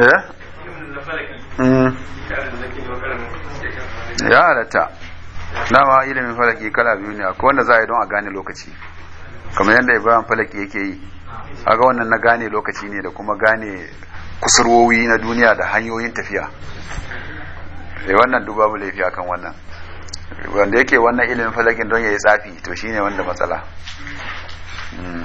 Eh? Mm. ya halatta dama ilimin falaki kala biyu ne akwai wanda za a yi don a gane lokaci kamar yadda ibrahim falaki yake yi aga wannan na gane lokaci ne da kuma gane kusurwowi na duniya da hanyoyin tafiya da eh, wannan duba mu laifi akan wannan wanda yake wannan ilimin falakin don ya yi tsafi to shi ne wanda matsala mm.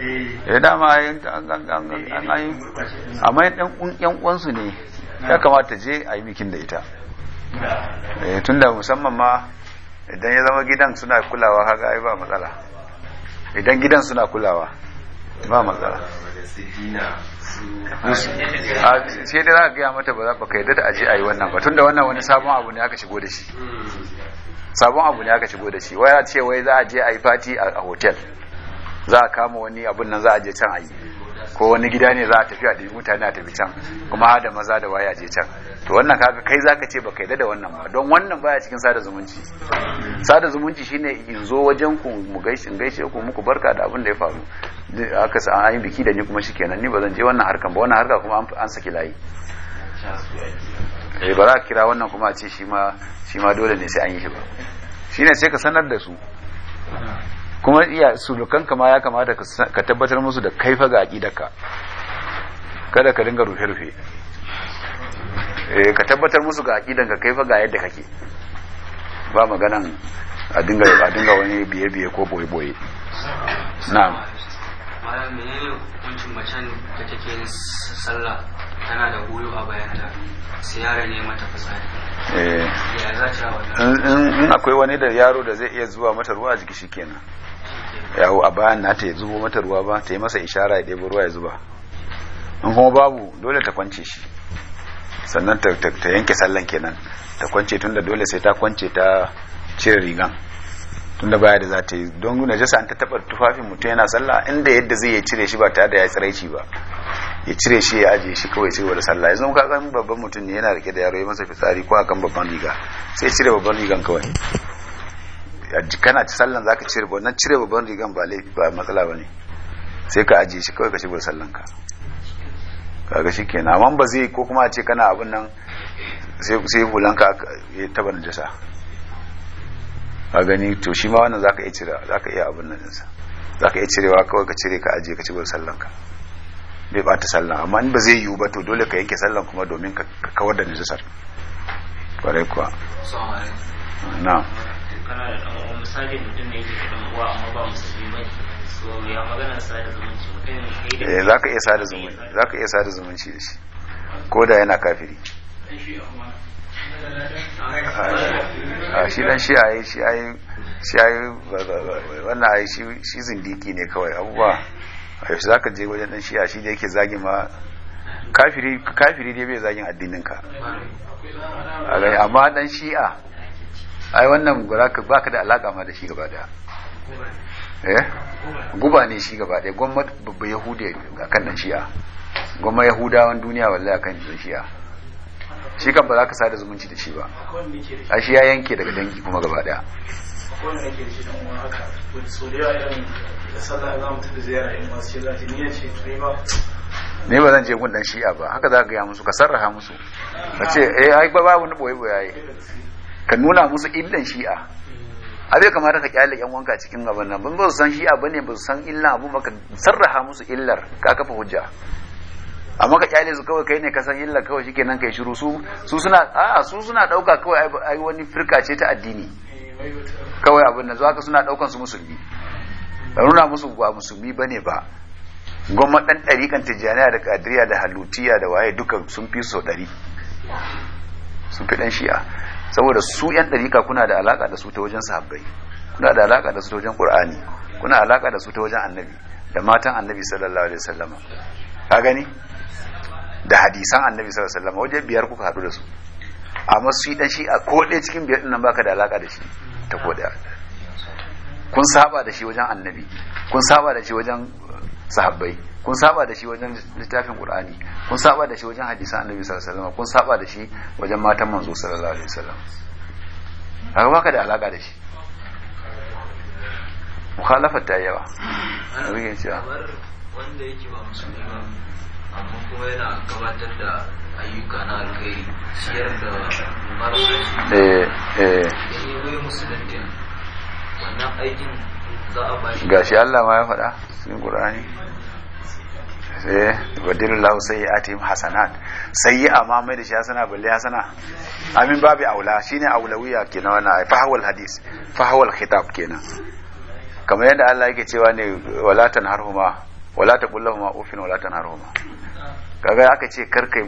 Eh, eh dama an an an an amma yan uwansu ne ya kamata je a yi bikin da ita eh, tunda musamman ma idan ya zama gidan suna kulawa haka ai ba matsala idan gidan suna kulawa ba matsala ce da za a gaya mata ba za ka yadda da aje a yi wannan ba tunda wannan wani sabon abu ne aka shigo da shi sabon abu ne aka shigo da shi waya ce wai za a je a yi fati a hotel za a kama wani abun nan za a je can a yi ko wani gida ne za a tafi a ɗin mutane a tafi can kuma har da maza da waya je can to wannan kaga kai zaka ce baka yadda da wannan ba don wannan baya cikin sada zumunci sada zumunci shine in zo wajen ku mu gaishe gaishe ku muku barka da abin da ya faru aka sa an yi biki da ni kuma shikenan ni ba zan je wannan harkan ba wannan harka kuma an saki layi eh ba za ka kira wannan kuma a ce shi ma shi ma dole ne sai an yi shi ba shine sai ka sanar da su kuma iya sulukan kama ya kamata ka tabbatar musu da kaifa ga aqidarka kada ka dinga rufe rufe eh ka tabbatar musu ga ka kaifa ga yadda kake ba maganan a dinga a dinga wani biye biye ko boye boye na'am malam menene hukuncin macen da take yin sallah tana da goyo a bayanta sai yara ne mata fasari Eh. in akwai wani da yaro da zai iya zuwa mata ruwa a jiki shi kenan yawo a bayan na ta yi zubo mata ruwa ba ta yi masa ishara ya ɗebo ruwa ya zuba in kuma babu dole ta kwance shi sannan ta yanke sallan kenan ta kwance tun da dole sai ta kwance ta cire rigan tun da baya da za ta yi don najasa an ta taɓa tufafin mutum yana sallah inda yadda zai ya cire shi ba ta da ya tsiraici ba ya cire shi ya ajiye shi kawai sai wani sallah yanzu ka san babban mutum ne yana rike da yaro ya masa fitsari ko akan babban riga sai cire babban rigan kawai kana ci sallan zaka cire wannan cire babban rigan ba laifi ba matsala bane sai ka ajiye shi kawai ka shigo sallan ka kaga shikenan amma ba zai ko kuma a ce kana abin nan sai sai hulan ka ya taba najasa a gani to shi ma wannan zaka iya cire zaka iya abin nan din sa zaka iya cirewa kawai ka cire ka ajiye ka shigo sallan ka bai bata sallah amma in ba zai yiwu ba to dole ka yanke sallan kuma domin ka kawar da najisar kwarai kuwa na eh, iya sada zumunci da yana kafiri a shi dan shi ayi shi ayi shi ayi wannan ayi shi zindiki ne kawai abubuwa a yaushe za ka je wajen dan shi'a shi ne yake zagi ma kafiri kafiri dai bai zagin addininka amma dan shi'a ai wannan ba ka da alaƙa ma da shi gaba daya eh? guba ne shi gaba daya gwamnati babba yahudiya a kan ɗan shi'a gwamma yahudawan duniya wallahi a kan ɗan shi'a shi kan ba za ka sada zumunci da shi ba a shi ya yanke daga dangi kuma gaba daya akwai wani da shi dan uwa haka to so da yawa irin da sallah za mu tafi ziyara in wasu ce za ta niyya ce to ba ne ba zan je gun dan shi'a ba haka za ka gaya musu ka sarraha musu ka ce eh ai ba babu ni boye boye ka nuna musu illan shi'a a bai kamata ka kyale yan wanka cikin gaban nan ban ba su san shi'a bane ba su san illan abu ba ka sarraha musu illar ka kafa hujja amma ka kyale su kawai kai ne ka san illar kawai shikenan kai shiru su su suna a su suna dauka kawai ai wani firka ce ta addini kawai abin da zuwa suna daukan su musulmi nuna musu ba musulmi bane ba gwamma dan kan tijjaniya da kadiriya da halutiya da waye duka sun fi so ɗari sun fi ɗan shi'a saboda su yan ɗarika kuna da alaka da su ta wajen sahabbai kuna da alaka da su ta wajen qur'ani kuna alaka da su ta wajen annabi da matan annabi sallallahu alaihi wasallama ka gani da hadisan annabi sallallahu alaihi wasallama waje biyar kuka hadu da su amma su yi shi'a ko ɗaya cikin biyar ɗin nan baka da alaka da shi ta koda kun saba da shi wajen annabi kun saba da shi wajen sahabbai kun saba da shi wajen littafin qur'ani kun saba da shi wajen hadisan annabi sallallahu alaihi wasallam kun saba da shi wajen matan manzo sallallahu alaihi wasallam haka baka da alaka da shi mukhalafa ta yawa wanda yake ba musulmi ba amma kuma yana gabatar da Eh, eh, eh. gashi Allah ma ya faɗa cikin Qur'ani sai wadilu lahu sayyi'atihim hasanat sayyi'a ma mai da shi hasana balle hasana amin babu aula shine aulawiya kenan wannan fahawal hadis fahawal khitab kenan kamar yadda Allah yake cewa ne wala harhuma. wala taqul ma ufin wala tanharhum kaga aka ce karkai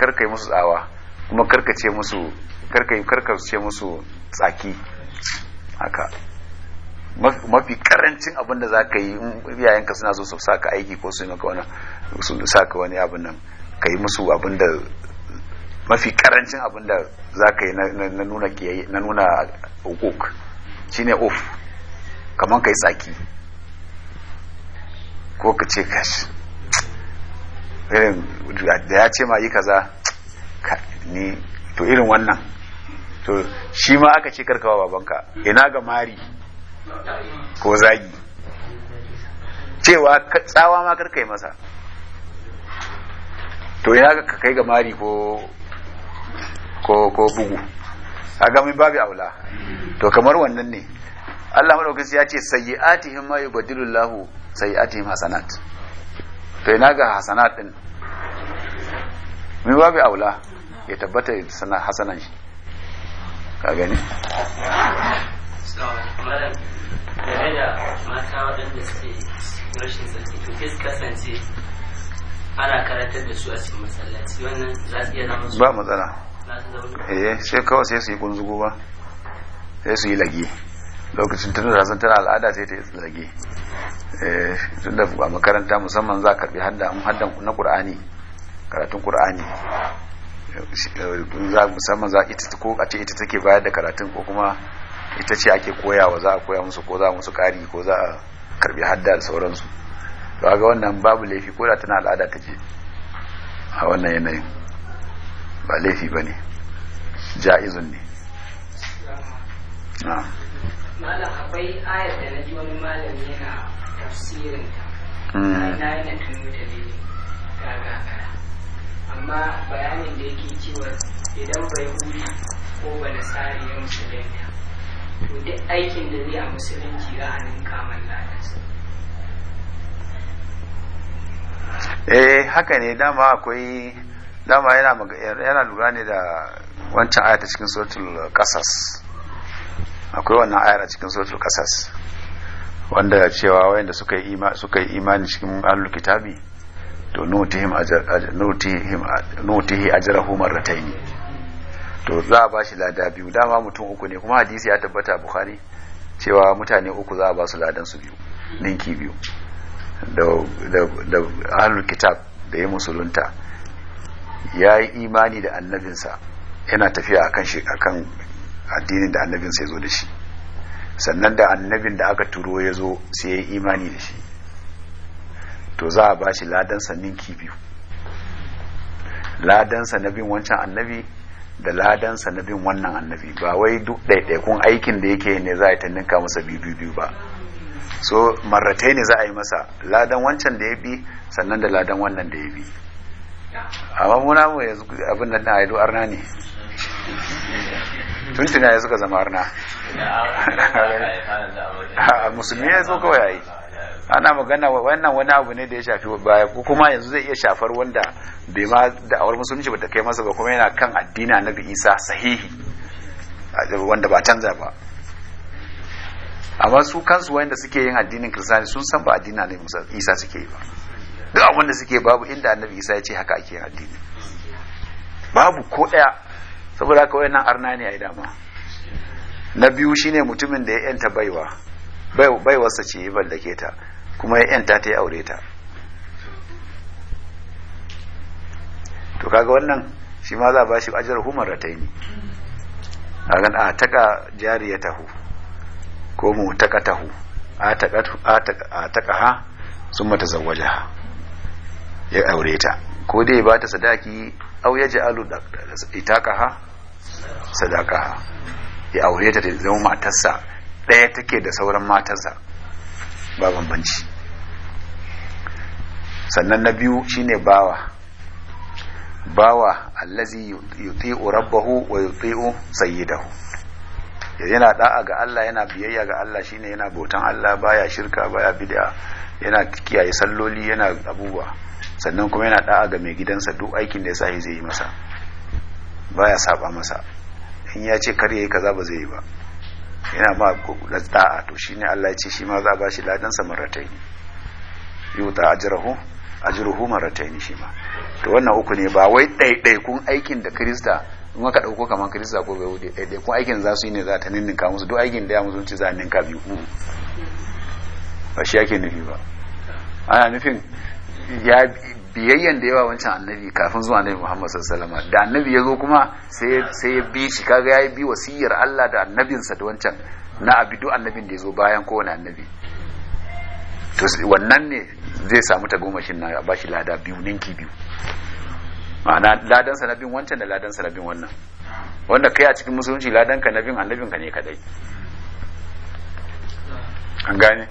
karkai musu tsawa kuma karkace musu karkai karkace musu tsaki haka mafi karancin abin da za ka yi iyayenka suna so su saka aiki ko su yi maka wani su saka wani abin nan ka yi musu abin da mafi karancin abin da za ka yi na nuna kiyaye na nuna hukuk shine of kamar ka yi tsaki ko ka ce kashi da ya ce ma yi kaza ni to irin wannan to shi ma aka ce karkawa babanka ina ga mari ko zagi cewa tsawa ma karkai masa to ina ga kai ga mari ko ko ko bugu a min babu aula to kamar wannan ne Allah madaukakin ya ce sayyi'atihim ma yubaddilu Allahu Sai ati hasanat to ina ga hasanat din min babu aula ya tabbata sana hasanan shi ka gani ba matsala eh sai kawai sai su yi kunzugo ba sai su yi lagi lokacin tun da tana al'ada sai ta yi tsirage eh, tun da a makaranta musamman za a karbi haddan na ƙur'ani karatun ƙur'ani musamman za ko a ce ita take bayar da karatun ko kuma ita ce ake koyawa za a koya musu ko za a musu ƙari ko za a karbi hadda da sauransu ba ga wannan babu laifi ko da tana al'ada ta ce a wannan yanayin ba laifi ba ne ja'izun ne malam akwai ayar da na ji wani malam yana tafsirin ta hmm. na yana tuno ta ne gagagara amma bayanin da yake cewa idan bai huri ko ba nasari ya musulunta to duk aikin da zai a musulunci za a ninka man eh haka ne dama akwai dama yana lura ne da wancan ayata cikin suratul kasas. akwai wannan ayar a cikin suratul qasas wanda cewa wayanda suka yi imani suka yi imani cikin ahlul kitabi to nutihim ajr nutihim nutihi ajrahu marratayn to za a bashi lada biyu dama mutum uku ne kuma hadisi ya tabbata bukhari cewa mutane uku za a ba su ladan su biyu ninki biyu da da kitab da ya musulunta ya yi imani da annabinsa yana tafiya akan akan addinin da annabin sai zo da shi sannan da annabin da aka turo ya zo sai ya imani da shi to za a ba shi ladansa ninki biyu ladansa na bin wancan annabi da ladansa na bin wannan annabi ba wai duk ɗaiɗaikun aikin da yake ne za a yi ta ninka masa biyu biyu ba so marratai ne za a yi masa ladan wancan da ya bi sannan da ladan wannan da ya bi amma muna mu yanzu abin nan na haidu arna ne tuntuna ya suka zama arna musulmi ya zo kawai yayi ana magana wannan wani abu ne da ya shafi baya ko kuma yanzu zai iya shafar wanda bai ma da'awar musulunci ba ta kai masa ba kuma yana kan addina na isa sahihi wanda ba canza ba amma su kansu wanda suke yin addinin kristani sun san ba addina ne isa suke yi ba duk abin da suke babu inda annabi isa ya ce haka ake yin addini babu ko daya saboda haka wayannan arna ne ai dama na biyu shine mutumin da ya yanta baiwa baiwarsa ce ya ballake ta kuma ya yanta ta ya aure ta to kaga wannan shi ma za a bashi ajiyar humar rataini a taka jari ya tahu ko mu taka tahu a taka ha sun mata zawaja ya aure ta ko dai ba ta sadaki aw yaj'alu sadaka sadaqaha ya aure ta zama matarsa ɗaya take da sauran matarsa ba bambanci sannan na biyu shine bawa bawa allazi yuti'u rabbahu wa yuti'u sayyidahu yana da'a ga Allah yana biyayya ga Allah shine yana bautan Allah baya shirka baya bid'a yana kiyaye salloli yana abubuwa sannan kuma yana da'a ga mai gidansa duk aikin da ya sa zai yi masa ba ya saba masa in ya ce kar yayi kaza ba zai yi ba yana ma da da'a to shine Allah ya ce shi ma za a bashi ladan sa marataini yuta ajruhu ajruhu marataini shi ma to wannan uku ne ba wai ɗaiɗaikun aikin da Kirista in ka dauko kaman Kirista ko bai wuce kun aikin za su yi ne za ta ninninka musu duk aikin da ya musu za a ninka biyu ba shi ake nufi ba ana nufin ya biyayyan da yawa wancan annabi kafin zuwa annabi Muhammad sallallahu alaihi da annabi ya zo kuma sai ya bi shi kaga yayi bi wasiyar Allah da annabinsa da wancan na abidu annabin da ya zo bayan kowane annabi to wannan ne zai samu tagomashin na ba shi lada biyu ninki biyu ma'ana ladan sa na bin wancan da ladan sa na bin wannan wanda kai a cikin musulunci ladan ka na bin annabin ka ne kadai an gane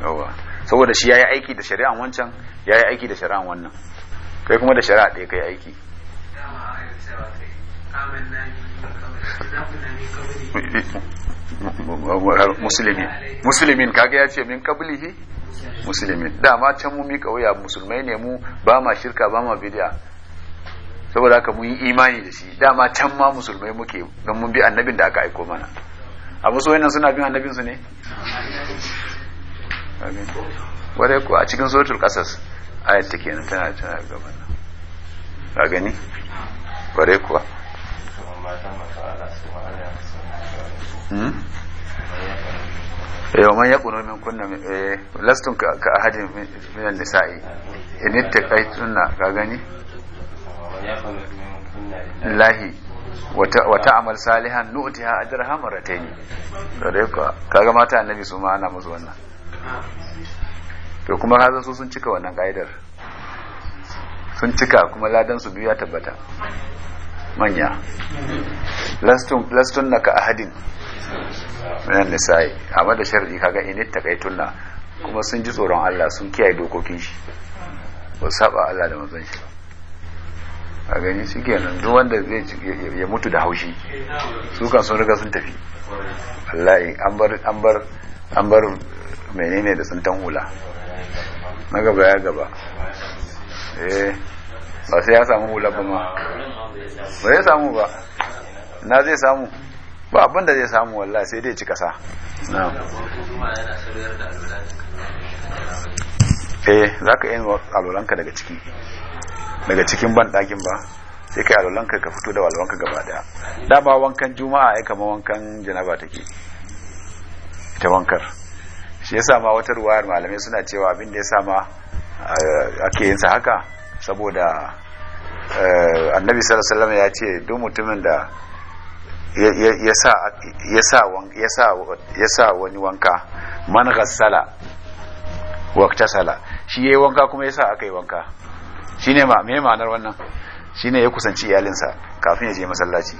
yawa saboda shi yayi aiki da shari'an wancan yayi aiki da shari'an wannan kai kuma da shari'a ɗaya kai aiki musulmi musulmin kaga ya ce min qablihi musulmin dama can mu mika wuya musulmai ne mu ba ma shirka ba ma bid'a saboda haka mun yi imani da shi dama can ma musulmai muke don mun bi annabin da aka aiko mana a soyayya suna bin annabinsu ne amin ware ku a cikin suratul kasas ayat ta kenan tana tana gaban nan ka gani ware kuwa yau hmm? eh, man kuno min kunna eh, lastun ka ahadin minan nisa'i in ittaqaytunna ka gani lahi wa amal salihan nu'tiha ajraha marratayn to dai ka kaga mata annabi su ma ana musu wannan to kuma zan so sun cika wannan ka'idar sun cika kuma ladan su biyu ya tabbata manya lastun na ka ahadin nan nisa'i a mada shari'i kaga init takaitunna kuma sun ji tsoron Allah sun kiyaye dokokin shi ba saba Allah da mazan shi a gani ke nan duk wanda zai ya mutu da haushi su kan sun riga sun tafi Allah an bar an bar an bar menene da tsintan hula na gaba ya gaba eh ba sai ya samu hula ba ma ba ya samu ba na zai samu ba abin da zai samu wallahi sai dai ci kasa eh za ka yin alolanka daga ciki daga cikin ban ɗakin ba sai ka yi alolanka ka fito da walwanka gaba daya dama wankan juma'a ya kama wankan janaba take ita wankar shi yasa ma wata ruwayar malamai suna cewa abin da ya sama eh, ake yinsa haka saboda eh, annabi sallallahu ya ce duk mutumin da ya sa wani wanka man ghassala waktasala shi yayi wanka kuma ya sa aka yi wanka shine ma me ma'anar wannan shine ya kusanci iyalinsa kafin ya je masallaci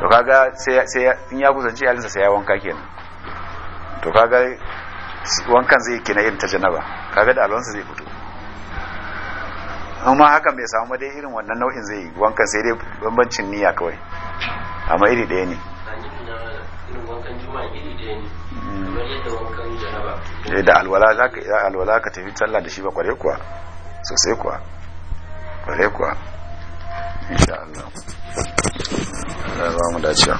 to kaga sai in ya kusanci iyalinsa sai ya wanka kenan to kaga wankan zai kina irin ta janaba kaga da alwansa zai fito amma hakan bai samu dai irin wannan nau'in zai yi wankan sai dai bambancin niyya kawai amma iri ɗaya ne eh, da alwala za ka alwala ka tafi talla da shi ba kware kuwa sosai kuwa kware kuwa insha Allah Allah ya ba mu dacewa